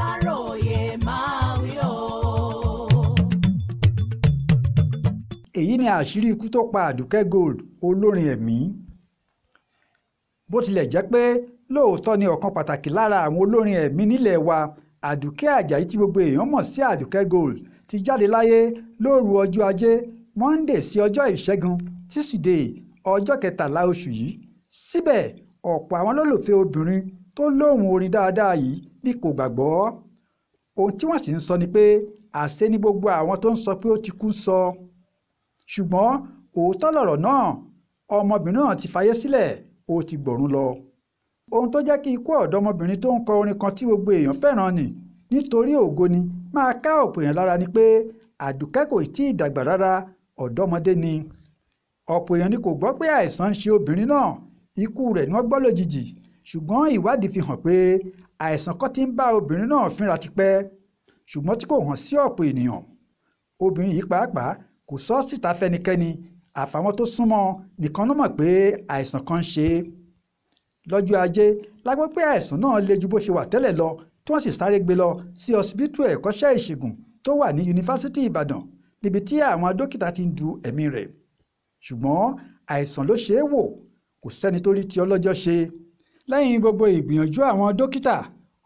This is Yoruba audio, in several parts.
aláròye máa wí o. èyí ni àṣírí ikú tó pa àdùkẹ́ gold olórin ẹ̀mí bó tilẹ̀ jẹ́ pé lóòótọ́ ni ọ̀kan pàtàkì lára àwọn olórin ẹ̀mí nílẹ̀ wa àdùkẹ́ àjàyí tí gbogbo èèyàn mọ̀ sí àdùkẹ́ gold ti jáde láyé lóru ọjọ́ ajé monday sí ọjọ́ ìṣẹ́gun tíṣídẹ̀ẹ́ ọjọ́ kẹtàlá oṣù yìí síbẹ̀ ọ̀pọ̀ àwọn olólùfẹ́ obìnrin tó lóhùn orin dáadáa yìí ni kò gbàgbọ́ ohun tí wọ́n sì ń sọ ni pé àṣẹ ni gbogbo àwọn tó ń sọ pé ó ti kú sọ ṣùgbọ́n òótọ́ lọ̀rọ̀ náà ọmọbìnrin náà ti fayé sílẹ̀ ó ti gbọ̀rún lọ ohun tó jẹ́ kí ikú ọ̀dọ́mọbìnrin tó ń kọ orin kan tí gbogbo èèyàn fẹ́ràn ni nítorí ògo ni máa ká ọ̀pọ̀ èèyàn lára ni pé àdùkẹ́ kò tí ì dàgbà rárá ọ̀dọ́mọdé ni ọ̀pọ̀ èèyàn ni kò gbọ́ pé àìsàn ń ṣe obìnrin náà ikú rẹ̀ ni wọ́n gbọ́ lójijì ṣùgbọ́n ìwádìí fi hàn pé àìsàn kan ti ń bá obìnrin náà fínra tipẹ́ ṣùgbọ́n tí kò hàn sí ọ̀pọ̀ ènìyàn obìnrin yìí pàápàá kò sọ síta fẹ́nikẹ́ni àfàwọn tó súnmọ́ nìkan ló mọ̀ pé àìsàn kan ń ṣe é lọ́jọ́ ajé la pé àìsàn náà le ju bó ṣe wà tẹ́lẹ̀ lọ tí wọ́n sì sáré gbé lọ sí ọsibítù ẹ̀kọ́ṣẹ́ ìṣègùn tó wà ní yunifásitì ìbàdàn níbi tí àwọn dókítà ti ń du ẹ̀mí rẹ̀ ṣùgbọ́n àìsàn ló ṣe é wò kò sẹ́ni tó rí ti ọlọ́jọ́ ṣe lẹ́yìn gbogbo ìgbìyànjú àwọn dókítà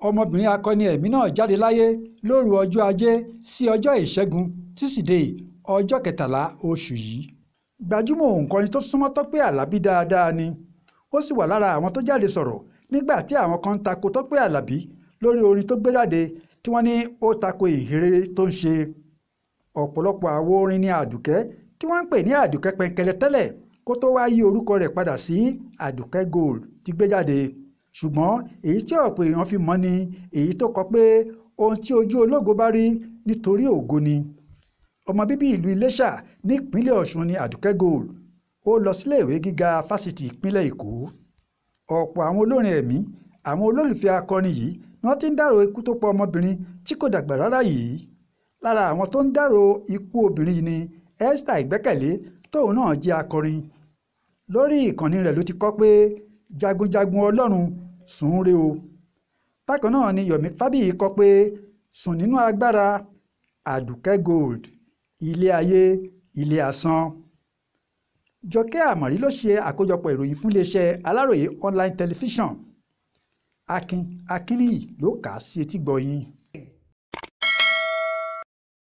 ọmọbìnrin akọni ẹ̀mí náà jáde láyé lóru ọjọ́ ajé sí ọjọ́ ìṣẹ́gun tísídẹ̀ẹ́ ọjọ́ kẹtàlá oṣù yìí gbajúmọ̀ òǹkọrin tó súnmọ́ Tọ́pẹ́ Àlàbí dáadáa ni ó sì wà lára àwọn tó jáde sọ̀rọ̀ nígbà tí àwọn kan ń tako Tọ́pẹ́ Àlàbí lórí orin tó gbé jáde tí wọ́n ní ó tako ìhìnrere tó ń ṣe ọ̀pọ̀lọpọ̀ àwo orin ni Àdùkẹ́ tí wọ́n ń pè ní Àdùkẹ́ pẹ̀ǹkẹ̀lẹ̀ tẹ́lẹ̀ kó tó wá yí orúkọ rẹ̀ padà sí Àdùkẹ́ Gold ti gbé jáde ṣùgbọ́n èyí tí ọ̀pọ̀ èèyàn fi mọ̀ ni èyí tó kọ pé ohun tí ojú ológo bá rí nítorí ògo ni ọmọ bíbí ìlú Iléṣà nípínlẹ̀ Ọ̀ṣun ni Àdùkẹ́ Gold ó lọ síléèwé gíga fásitì ìpínlẹ̀ Èkó ọ̀pọ̀ àwọn olórin ẹ̀mí àwọn olólùfẹ́ akọrin yìí ni wọ́n ti ń dárò ikú tó pa ọmọbìnrin tí kò dàgbà rárá yìí lára àwọn tó ń dárò ikú obìnrin yìí ni Esther Ìgbẹ́kẹ̀lé tóun náà jẹ́ akọrin lórí ìkànnì rẹ̀ ló ti kọ pé jagunjagun ọlọ́run sùn re o bákan náà ni yomi fábíyì kọ pé sùn nínú agbára àdùkẹ́ gold ilé ayé ilé asán jọkẹ́ àmọ̀rí ló ṣe àkójọpọ̀ ìròyìn fún iléeṣẹ́ aláròye online television akin akínníyì ló kà á sí etí gbọ̀yìn.